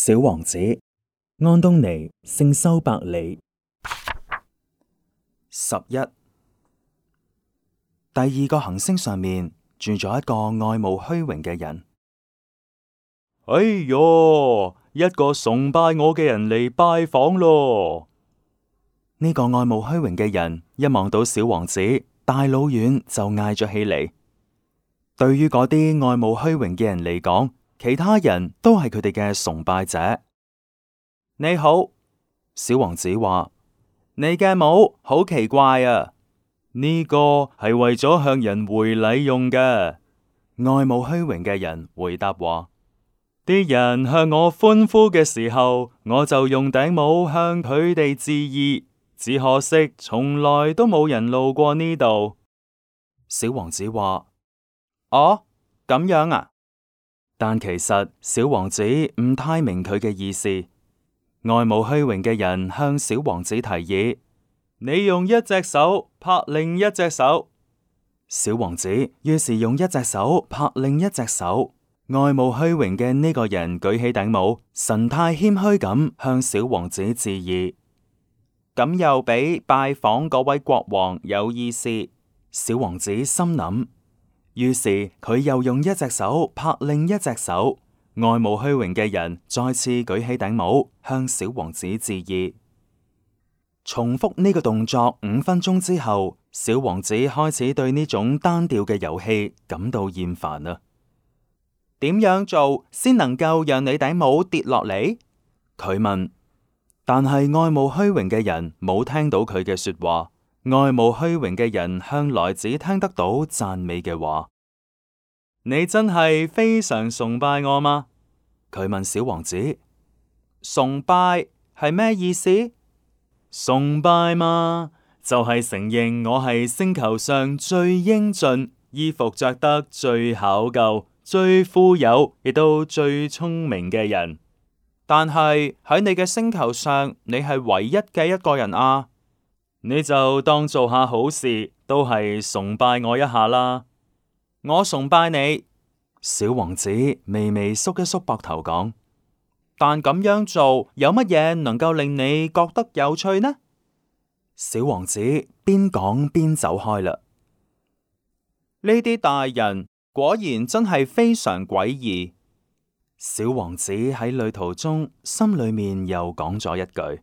小王子安東尼聖修伯里十一，第二個行星上面住咗一個愛慕虛榮嘅人。哎喲，一個崇拜我嘅人嚟拜訪咯！呢個愛慕虛榮嘅人一望到小王子，大老遠就嗌咗起嚟。對於嗰啲愛慕虛榮嘅人嚟講，其他人都係佢哋嘅崇拜者。你好，小王子話：你嘅帽好奇怪啊！呢、這個係為咗向人回禮用嘅。愛慕虛榮嘅人回答話：啲人向我歡呼嘅時候，我就用頂帽向佢哋致意。只可惜從來都冇人路過呢度。小王子話：哦、啊，咁樣啊？但其實小王子唔太明佢嘅意思。愛慕虛榮嘅人向小王子提議：「你用一隻手拍另一隻手。小王子於是用一隻手拍另一隻手。愛慕虛榮嘅呢個人舉起頂帽，神態謙虛咁向小王子致意。咁又比拜訪嗰位國王有意思。小王子心諗：於是佢又用一隻手拍另一隻手，愛慕虛榮嘅人再次舉起頂帽向小王子致意。重複呢個動作五分鐘之後，小王子開始對呢種單調嘅遊戲感到厭煩啊！點樣做先能夠讓你頂帽跌落嚟？佢問。但係愛慕虛榮嘅人冇聽到佢嘅說話。愛慕虛榮嘅人向來只聽得到讚美嘅話。你真係非常崇拜我嗎？佢問小王子。崇拜係咩意思？崇拜嘛，就係承認我係星球上最英俊、衣服着得最考究、最富有亦都最聰明嘅人。但係喺你嘅星球上，你係唯一嘅一個人啊。你就當做下好事，都係崇拜我一下啦。我崇拜你，小王子微微縮一縮膊頭講。但咁樣做有乜嘢能夠令你覺得有趣呢？小王子邊講邊走開嘞。呢啲大人果然真係非常詭異。小王子喺旅途中心裏面又講咗一句。